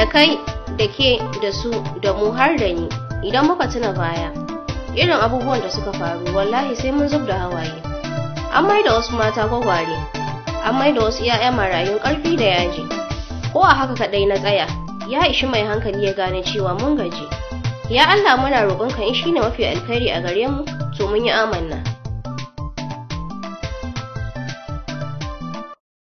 da kai da ke da su da mu har da ni idan muka tuna baya irin abubuwan da suka faru wallahi sai mun zub da hawaye an mai da wasu mata gwagware an mai da wasu 'ya'ya marayun karfi da yaji ko a haka kadai na tsaya ya ishi mai hankali ya gane cewa mun gaji ya Allah muna roƙonka in shine mafi alkhairi a gare mu to mun yi amanna